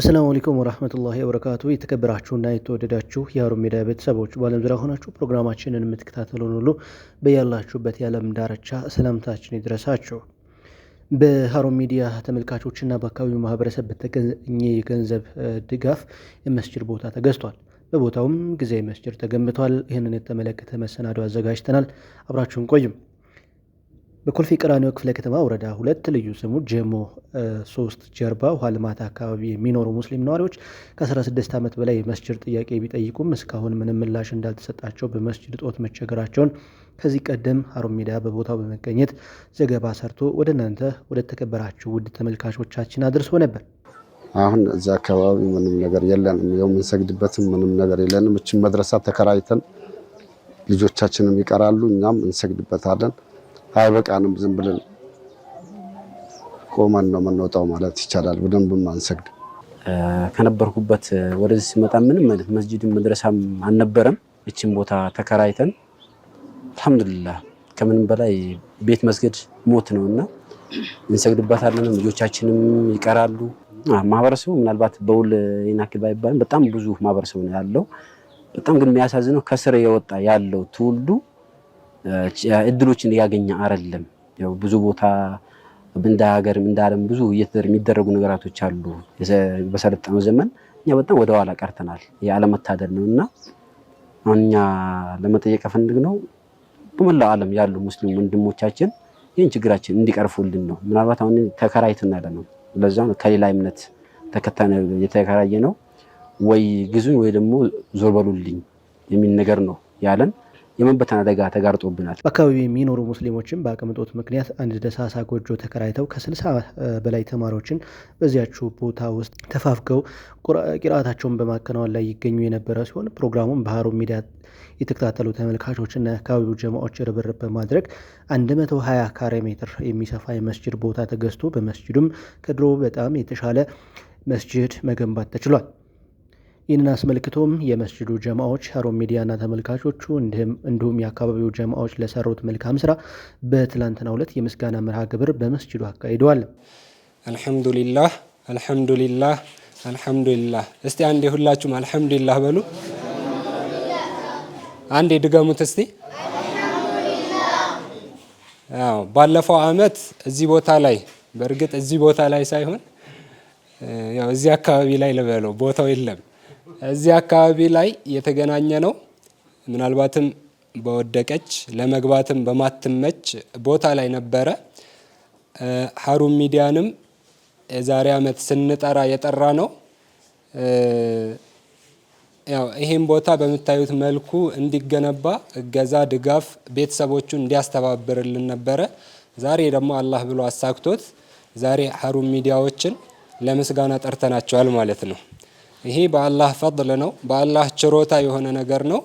አሰላሙ አለይኩም ወራህመቱላሂ ወበረካቱ። የተከበራችሁና የተወደዳችሁ የሀሩን ሚዲያ ቤተሰቦች በዓለም ዙሪያ ሆናችሁ ፕሮግራማችንን የምትከታተሉን ሁሉ በያላችሁበት የዓለም ዳርቻ ሰላምታችን ይድረሳችሁ። በሀሩን ሚዲያ ተመልካቾችና በአካባቢው ማህበረሰብ በተገኘ የገንዘብ ድጋፍ የመስጅድ ቦታ ተገዝቷል። በቦታውም ጊዜያዊ መስጅድ ተገንብቷል። ይህንን የተመለከተ መሰናዶ አዘጋጅተናል። አብራችሁን ቆዩም። በኮልፌ ቀራኒዮ ክፍለ ከተማ ወረዳ ሁለት ልዩ ስሙ ጀሞ ሶስት ጀርባ ውሃ ልማት አካባቢ የሚኖሩ ሙስሊም ነዋሪዎች ከ16 ዓመት በላይ የመስጅድ ጥያቄ ቢጠይቁም እስካሁን ምንም ምላሽ እንዳልተሰጣቸው በመስጅድ ጦት መቸገራቸውን ከዚህ ቀደም ሀሩን ሚዲያ በቦታው በመገኘት ዘገባ ሰርቶ ወደ እናንተ ወደ ተከበራችሁ ውድ ተመልካቾቻችን አድርሶ ነበር። አሁን እዚ አካባቢ ምንም ነገር የለንም። የው የምንሰግድበትም ምንም ነገር የለንም። እችን መድረሳ ተከራይተን ልጆቻችንም ይቀራሉ፣ እኛም እንሰግድበታለን። አይበቃንም። ዝም ብለን ቆመን ነው የምንወጣው ማለት ይቻላል። በደንብ አንሰግድ። ከነበርኩበት ወደዚህ ሲመጣ ምንም አይነት መስጂድም መድረሳም አልነበረም። ይችን ቦታ ተከራይተን አልሐምዱሊላህ ከምንም በላይ ቤት መስገድ ሞት ነው እና እንሰግድበታለንም። ልጆቻችንም ይቀራሉ። ማህበረሰቡ ምናልባት በውል ይናክል ባይባልም በጣም ብዙ ማህበረሰቡ ነው ያለው። በጣም ግን የሚያሳዝነው ከስር የወጣ ያለው ትውልዱ እድሎችን ያገኘ አይደለም። ያው ብዙ ቦታ እንደ ሀገርም እንደ ዓለም ብዙ የሚደረጉ ነገራቶች አሉ። በሰለጠነው ዘመን እኛ በጣም ወደ ኋላ ቀርተናል። የአለመታደል ነው እና አሁን እኛ ለመጠየቅ ፈልግ ነው በመላው ዓለም ያሉ ሙስሊም ወንድሞቻችን ይህን ችግራችን እንዲቀርፉልን ነው። ምናልባት አሁን ተከራይተን ያለ ነው። ለዛ ከሌላ እምነት ተከታይ የተከራየ ነው ወይ ግዙኝ ወይ ደግሞ ዞር በሉልኝ የሚል ነገር ነው ያለን። የመበተን አደጋ ተጋርጦብናል። በአካባቢ የሚኖሩ ሙስሊሞችም በአቅም እጦት ምክንያት አንድ ደሳሳ ጎጆ ተከራይተው ከስልሳ በላይ ተማሪዎችን በዚያችው ቦታ ውስጥ ተፋፍገው ቂርአታቸውን በማከናወን ላይ ይገኙ የነበረ ሲሆን ፕሮግራሙን በሀሩን ሚዲያ የተከታተሉ ተመልካቾችና የአካባቢው ጀማዎች ርብርብ በማድረግ 120 ካሬ ሜትር የሚሰፋ የመስጅድ ቦታ ተገዝቶ በመስጅዱም ከድሮ በጣም የተሻለ መስጅድ መገንባት ተችሏል። ይህንን አስመልክቶም የመስጅዱ ጀማዎች ሀሩን ሚዲያና ተመልካቾቹ እንዲሁም የአካባቢው ጀማዎች ለሰሩት መልካም ስራ በትላንትና ሁለት የምስጋና መርሃ ግብር በመስጅዱ አካሂደዋል። አልሐምዱሊላህ አልሐምዱሊላህ አልሐምዱሊላህ። እስቲ አንዴ ሁላችሁም አልሐምዱሊላህ በሉ። አንዴ ድገሙት እስቲ። ባለፈው አመት እዚህ ቦታ ላይ በእርግጥ እዚህ ቦታ ላይ ሳይሆን ያው እዚህ አካባቢ ላይ ልበለው ቦታው የለም እዚህ አካባቢ ላይ የተገናኘ ነው። ምናልባትም በወደቀች ለመግባትም በማትመች ቦታ ላይ ነበረ። ሀሩን ሚዲያንም የዛሬ ዓመት ስንጠራ የጠራ ነው። ያው ይሄን ቦታ በምታዩት መልኩ እንዲገነባ እገዛ፣ ድጋፍ ቤተሰቦቹን እንዲያስተባብርልን ነበረ። ዛሬ ደግሞ አላህ ብሎ አሳክቶት ዛሬ ሀሩን ሚዲያዎችን ለምስጋና ጠርተናቸዋል ማለት ነው። ይሄ በአላህ ፈድል ነው፣ በአላህ ችሮታ የሆነ ነገር ነው።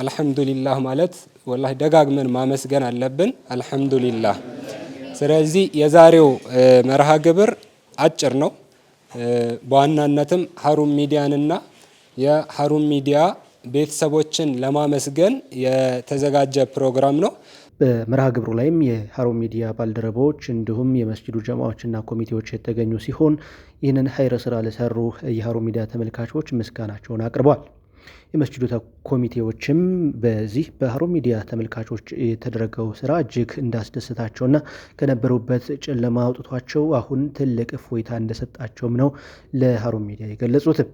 አልሐምዱሊላህ ማለት ወላሂ ደጋግመን ማመስገን አለብን። አልሐምዱሊላህ። ስለዚህ የዛሬው መርሃ ግብር አጭር ነው። በዋናነትም ሀሩን ሚዲያንና የሀሩን ሚዲያ ቤተሰቦችን ለማመስገን የተዘጋጀ ፕሮግራም ነው። በመርሃ ግብሩ ላይም የሀሩን ሚዲያ ባልደረባዎች እንዲሁም የመስጅዱ ጀማዎችና ኮሚቴዎች የተገኙ ሲሆን ይህንን ሀይረ ስራ ለሰሩ የሀሩን ሚዲያ ተመልካቾች ምስጋናቸውን አቅርቧል። የመስጅዱ ኮሚቴዎችም በዚህ በሀሩን ሚዲያ ተመልካቾች የተደረገው ስራ እጅግ እንዳስደሰታቸውና ከነበሩበት ጨለማ አውጥቷቸው አሁን ትልቅ እፎይታ እንደሰጣቸውም ነው ለሀሩን ሚዲያ የገለጹትም።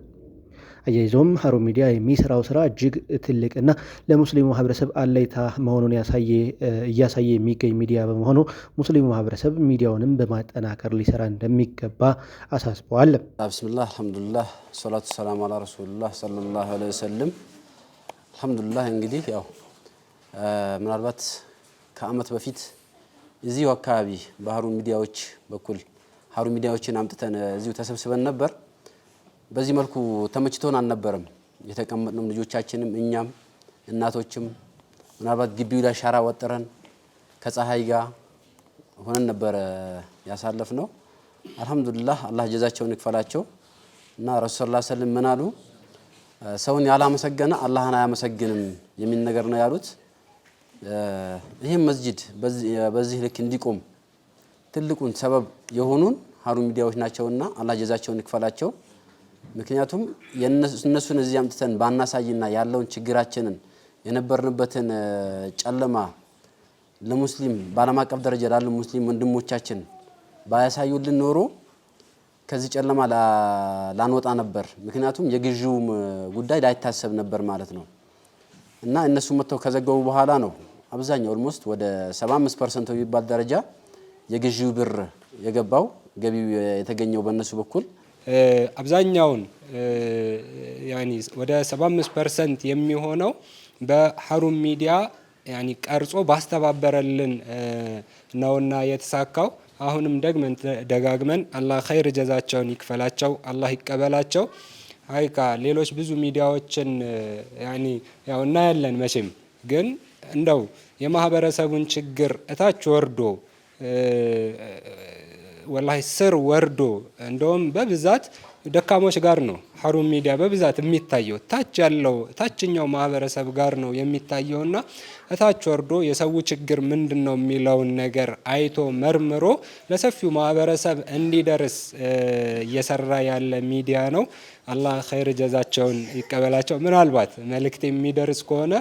አያይዘውም ሀሩ ሚዲያ የሚሰራው ስራ እጅግ ትልቅና ለሙስሊሙ ማህበረሰብ አለይታ መሆኑን እያሳየ የሚገኝ ሚዲያ በመሆኑ ሙስሊሙ ማህበረሰብ ሚዲያውንም በማጠናከር ሊሰራ እንደሚገባ አሳስበዋል። ብስሚላህ አልሐምዱሊላህ ሰላቱ ሰላም አላ ረሱሉላህ ሰለላሁ ዐለይሂ ወሰለም። አልሐምዱሊላህ እንግዲህ ያው ምናልባት ከአመት በፊት እዚሁ አካባቢ በሀሩ ሚዲያዎች በኩል ሀሩ ሚዲያዎችን አምጥተን እዚሁ ተሰብስበን ነበር። በዚህ መልኩ ተመችቶን አልነበረም የተቀመጥነው። ልጆቻችንም፣ እኛም፣ እናቶችም ምናልባት ግቢው ላይ ሻራ ወጥረን ከፀሐይ ጋር ሆነን ነበረ ያሳለፍ ነው። አልሐምዱሊላህ አላህ ጀዛቸውን ይክፈላቸው እና ረሱል ላ ስለም ምን አሉ? ሰውን ያላመሰገነ አላህን አያመሰግንም የሚል ነገር ነው ያሉት። ይህም መስጅድ በዚህ ልክ እንዲቆም ትልቁን ሰበብ የሆኑን ሀሩ ሚዲያዎች ናቸውና አላህ ጀዛቸውን ይክፈላቸው። ምክንያቱም እነሱን እዚህ አምጥተን ባናሳይና ያለውን ችግራችንን የነበርንበትን ጨለማ ለሙስሊም በዓለም አቀፍ ደረጃ ላሉ ሙስሊም ወንድሞቻችን ባያሳዩልን ኖሮ ከዚህ ጨለማ ላንወጣ ነበር። ምክንያቱም የግዢውም ጉዳይ ላይታሰብ ነበር ማለት ነው እና እነሱ መጥተው ከዘገቡ በኋላ ነው አብዛኛው ኦልሞስት ወደ 75 ፐርሰንት የሚባል ደረጃ የግዢው ብር የገባው ገቢው የተገኘው በእነሱ በኩል አብዛኛውን ወደ 75 ፐርሰንት የሚሆነው በሀሩን ሚዲያ ቀርጾ ባስተባበረልን ነውና የተሳካው። አሁንም ደግመን ደጋግመን አላህ ኸይር ጀዛቸውን ይክፈላቸው፣ አላህ ይቀበላቸው። አይካ ሌሎች ብዙ ሚዲያዎችን ያው እናያለን መቼም ግን እንደው የማህበረሰቡን ችግር እታች ወርዶ ወላሂ ስር ወርዶ እንደውም በብዛት ደካሞች ጋር ነው ሀሩን ሚዲያ በብዛት የሚታየው ታች ያለው ታችኛው ማህበረሰብ ጋር ነው የሚታየውና እታች ወርዶ የሰው ችግር ምንድን ነው የሚለውን ነገር አይቶ መርምሮ ለሰፊው ማህበረሰብ እንዲደርስ እየሰራ ያለ ሚዲያ ነው። አላህ ኸይር ጀዛቸውን ይቀበላቸው። ምናልባት መልእክት የሚደርስ ከሆነ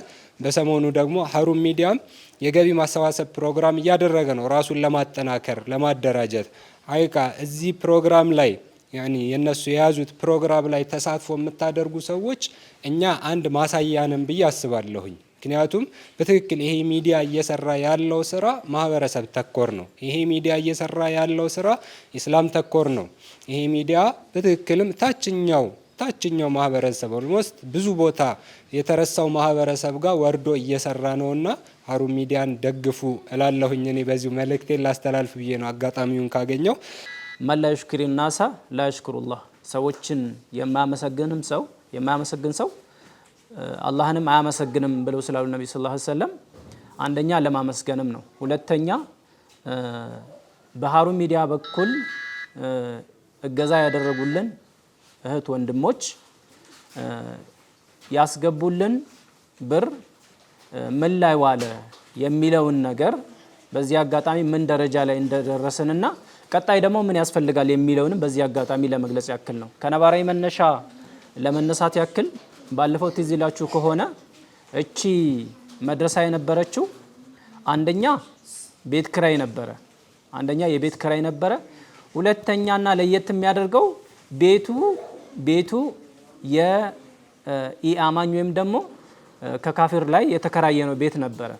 በሰሞኑ ደግሞ ሀሩን ሚዲያም የገቢ ማሰባሰብ ፕሮግራም እያደረገ ነው ራሱን ለማጠናከር ለማደራጀት አይቃ እዚህ ፕሮግራም ላይ ያኒ የነሱ የያዙት ፕሮግራም ላይ ተሳትፎ የምታደርጉ ሰዎች እኛ አንድ ማሳያ ነን ብዬ አስባለሁኝ። ምክንያቱም በትክክል ይሄ ሚዲያ እየሰራ ያለው ስራ ማህበረሰብ ተኮር ነው። ይሄ ሚዲያ እየሰራ ያለው ስራ ኢስላም ተኮር ነው። ይሄ ሚዲያ በትክክልም ታችኛው ታችኛው ማህበረሰብ ኦልሞስት ብዙ ቦታ የተረሳው ማህበረሰብ ጋር ወርዶ እየሰራ ነውና ሀሩን ሚዲያን ደግፉ እላለሁኝ። እኔ በዚሁ መልእክቴን ላስተላልፍ ብዬ ነው አጋጣሚውን ካገኘው። መላሽክሪ ናሳ ላሽክሩላህ ሰዎችን የማያመሰግንም ሰው የማያመሰግን ሰው አላህንም አያመሰግንም ብለው ስላሉ ነቢ ስ ሰለም አንደኛ ለማመስገንም ነው። ሁለተኛ በሀሩን ሚዲያ በኩል እገዛ ያደረጉልን እህት ወንድሞች ያስገቡልን ብር ምን ላይ ዋለ የሚለውን ነገር በዚህ አጋጣሚ ምን ደረጃ ላይ እንደደረስንና ቀጣይ ደግሞ ምን ያስፈልጋል የሚለውንም በዚህ አጋጣሚ ለመግለጽ ያክል ነው። ከነባራዊ መነሻ ለመነሳት ያክል ባለፈው ትዝ ይላችሁ ከሆነ እቺ መድረሳ የነበረችው አንደኛ ቤት ክራይ ነበረ። አንደኛ የቤት ክራይ ነበረ። ሁለተኛና ለየት የሚያደርገው ቤቱ ቤቱ የኢአማኝ ወይም ደግሞ ከካፊር ላይ የተከራየ ነው ቤት ነበረ።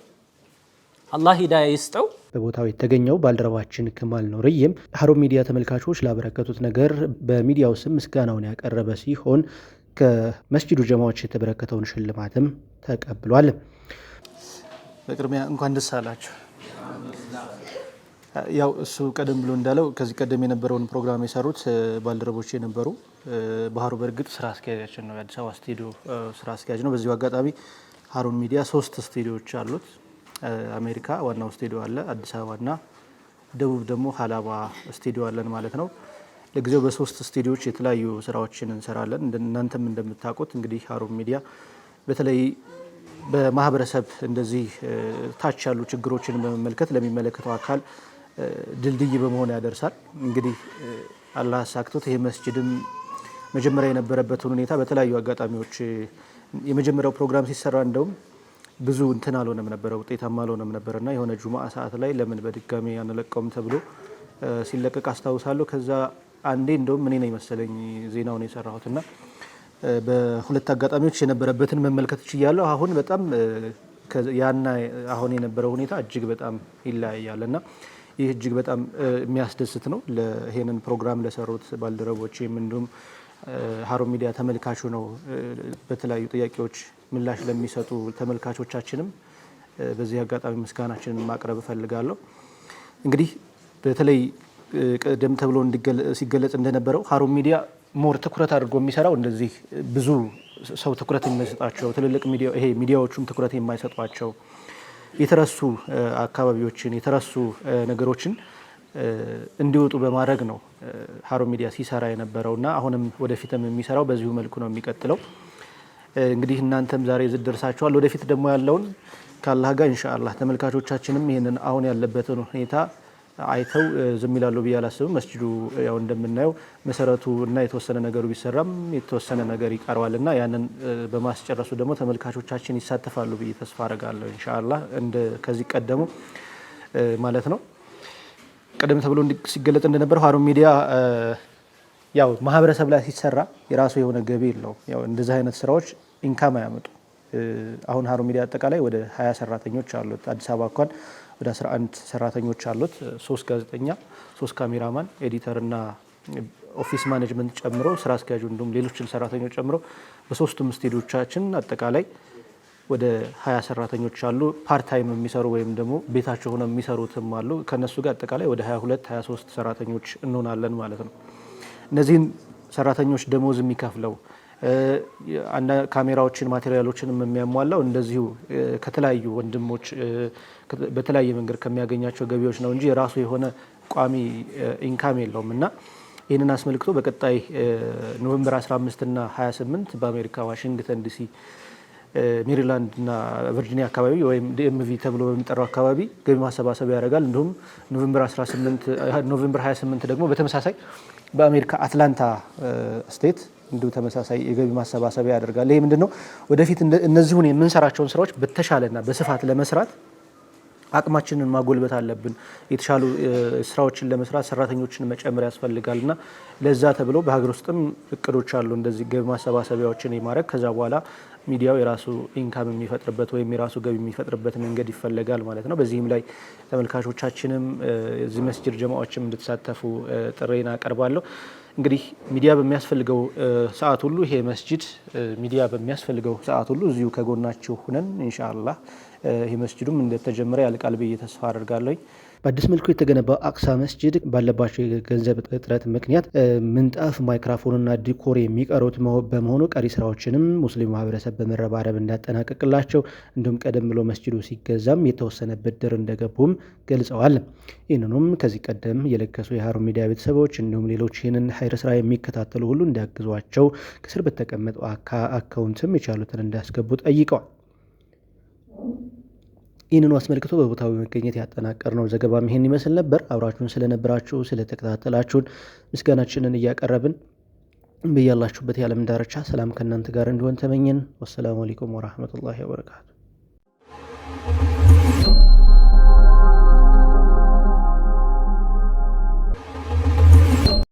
አላህ ሂዳያ ይስጠው። በቦታው የተገኘው ባልደረባችን ክማል ኖርዬም ሀሩን ሚዲያ ተመልካቾች ላበረከቱት ነገር በሚዲያው ስም ምስጋናውን ያቀረበ ሲሆን ከመስጅዱ ጀማዎች የተበረከተውን ሽልማትም ተቀብሏል። በቅድሚያ እንኳን ደስ አላችሁ። ያው እሱ ቀደም ብሎ እንዳለው ከዚህ ቀደም የነበረውን ፕሮግራም የሰሩት ባልደረቦች የነበሩ ባህሩ በእርግጥ ስራ አስኪያጃችን ነው። የአዲስ አበባ ስቱዲዮ ስራ አስኪያጅ ነው። በዚሁ አጋጣሚ ሀሩን ሚዲያ ሶስት ስቱዲዮዎች አሉት። አሜሪካ ዋናው ስቱዲዮ አለ፣ አዲስ አበባና ደቡብ ደግሞ ሀላባ ስቱዲዮ አለን ማለት ነው። ለጊዜው በሶስት ስቱዲዮዎች የተለያዩ ስራዎችን እንሰራለን። እናንተም እንደምታውቁት እንግዲህ ሀሩን ሚዲያ በተለይ በማህበረሰብ እንደዚህ ታች ያሉ ችግሮችን በመመልከት ለሚመለከተው አካል ድልድይ በመሆን ያደርሳል። እንግዲህ አላህ አሳክቶት ይሄ መስጅድም መጀመሪያ የነበረበትን ሁኔታ በተለያዩ አጋጣሚዎች የመጀመሪያው ፕሮግራም ሲሰራ እንደውም ብዙ እንትን አልሆነም ነበረ፣ ውጤታማ አልሆነም ነበር እና የሆነ ጁማ ሰዓት ላይ ለምን በድጋሚ አንለቀውም ተብሎ ሲለቀቅ አስታውሳለሁ። ከዛ አንዴ እንደውም እኔ ነኝ መሰለኝ ዜናውን የሰራሁት እና በሁለት አጋጣሚዎች የነበረበትን መመልከት ችያለሁ። አሁን በጣም ያና አሁን የነበረው ሁኔታ እጅግ በጣም ይለያያል እና ይህ እጅግ በጣም የሚያስደስት ነው። ይሄንን ፕሮግራም ለሰሩት ባልደረቦቼም እንዲሁም ሀሩን ሚዲያ ተመልካቹ ነው። በተለያዩ ጥያቄዎች ምላሽ ለሚሰጡ ተመልካቾቻችንም በዚህ አጋጣሚ ምስጋናችንን ማቅረብ እፈልጋለሁ። እንግዲህ በተለይ ቀደም ተብሎ ሲገለጽ እንደነበረው ሀሩን ሚዲያ ሞር ትኩረት አድርጎ የሚሰራው እንደዚህ ብዙ ሰው ትኩረት የማይሰጣቸው ትልልቅ ይሄ ሚዲያዎቹም ትኩረት የማይሰጧቸው የተረሱ አካባቢዎችን የተረሱ ነገሮችን እንዲወጡ በማድረግ ነው ሀሮ ሚዲያ ሲሰራ የነበረውና አሁንም ወደፊትም የሚሰራው በዚሁ መልኩ ነው የሚቀጥለው። እንግዲህ እናንተም ዛሬ ዝድ ደርሳችኋል። ወደፊት ደግሞ ያለውን ካላህ ጋር ኢንሻአላህ ተመልካቾቻችንም ይህንን አሁን ያለበትን ሁኔታ አይተው ዝም ይላሉ ብዬ አላስብም። መስጅዱ ያው እንደምናየው መሰረቱ እና የተወሰነ ነገሩ ቢሰራም የተወሰነ ነገር ይቀረዋል እና ያንን በማስጨረሱ ደግሞ ተመልካቾቻችን ይሳተፋሉ ብዬ ተስፋ አረጋለሁ። ኢንሻአላህ እንደ ከዚህ ቀደሙ ማለት ነው። ቀደም ተብሎ ሲገለጽ እንደነበረው ሀሩን ሚዲያ ያው ማህበረሰብ ላይ ሲሰራ የራሱ የሆነ ገቢ የለውም። ያው እንደዚህ አይነት ስራዎች ኢንካም አያመጡ። አሁን ሀሩን ሚዲያ አጠቃላይ ወደ ሀያ ሰራተኞች አሉት። አዲስ አበባ እንኳን ወደ 11 ሰራተኞች አሉት። ሶስት ጋዜጠኛ፣ ሶስት ካሜራማን፣ ኤዲተር ኦፊስ ማኔጅመንት ጨምሮ ስራ አስኪያጁ እንዲሁም ሌሎችን ሰራተኞች ጨምሮ በሶስቱም ስቱዲዮቻችን አጠቃላይ ወደ ሀያ ሰራተኞች አሉ። ፓርታይም የሚሰሩ ወይም ደግሞ ቤታቸው ሆነ የሚሰሩትም አሉ። ከነሱ ጋር አጠቃላይ ወደ 22 23 ሰራተኞች እንሆናለን ማለት ነው። እነዚህን ሰራተኞች ደሞዝ የሚከፍለው ካሜራዎችን ማቴሪያሎችንም የሚያሟላው እንደዚሁ ከተለያዩ ወንድሞች በተለያየ መንገድ ከሚያገኛቸው ገቢዎች ነው እንጂ የራሱ የሆነ ቋሚ ኢንካም የለውም እና ይህንን አስመልክቶ በቀጣይ ኖቨምበር 15 እና 28 በአሜሪካ ዋሽንግተን ዲሲ ሜሪላንድ እና ቨርጂኒያ አካባቢ ወይም ዲኤምቪ ተብሎ በሚጠራው አካባቢ ገቢ ማሰባሰብ ያደርጋል። እንዲሁም ኖቬምበር 28 ደግሞ በተመሳሳይ በአሜሪካ አትላንታ ስቴት እንዲሁ ተመሳሳይ የገቢ ማሰባሰቢያ ያደርጋል። ይህ ምንድን ነው? ወደፊት እነዚሁን የምንሰራቸውን ስራዎች በተሻለና በስፋት ለመስራት አቅማችንን ማጎልበት አለብን። የተሻሉ ስራዎችን ለመስራት ሰራተኞችን መጨመር ያስፈልጋል እና ለዛ ተብሎ በሀገር ውስጥም እቅዶች አሉ እንደዚህ ገቢ ማሰባሰቢያዎችን የማድረግ ከዛ በኋላ ሚዲያው የራሱ ኢንካም የሚፈጥርበት ወይም የራሱ ገቢ የሚፈጥርበት መንገድ ይፈለጋል ማለት ነው። በዚህም ላይ ተመልካቾቻችንም እዚህ መስጅድ ጀማዎችም እንድትሳተፉ ጥሬን አቀርባለሁ። እንግዲህ ሚዲያ በሚያስፈልገው ሰዓት ሁሉ ይሄ መስጅድ ሚዲያ በሚያስፈልገው ሰዓት ሁሉ እዚሁ ከጎናችሁ ሁነን ኢንሻአላህ ይህ መስጅዱም እንደተጀመረ ያልቃል ብዬ ተስፋ አደርጋለሁ። በአዲስ መልኩ የተገነባው አቅሳ መስጅድ ባለባቸው የገንዘብ እጥረት ምክንያት ምንጣፍ፣ ማይክራፎንና ዲኮር የሚቀሩት በመሆኑ ቀሪ ስራዎችንም ሙስሊም ማህበረሰብ በመረባረብ እንዳጠናቀቅላቸው እንዲሁም ቀደም ብሎ መስጅዱ ሲገዛም የተወሰነ ብድር እንደገቡም ገልጸዋል። ይህንኑም ከዚህ ቀደም የለገሱ የሀሩን ሚዲያ ቤተሰቦች እንዲሁም ሌሎች ይህንን ሀይር ስራ የሚከታተሉ ሁሉ እንዲያግዟቸው ከስር በተቀመጠው አካውንትም የቻሉትን እንዲያስገቡ ጠይቀዋል። ይህንኑ አስመልክቶ በቦታው በመገኘት ያጠናቀርነው ዘገባም ይሄን ይመስል ነበር። አብራችሁን ስለነበራችሁ ስለተከታተላችሁን ምስጋናችንን እያቀረብን በያላችሁበት የዓለም ዳርቻ ሰላም ከእናንተ ጋር እንዲሆን ተመኘን። ወሰላሙ አሌይኩም ወራህመቱላሂ ወበረካቱ።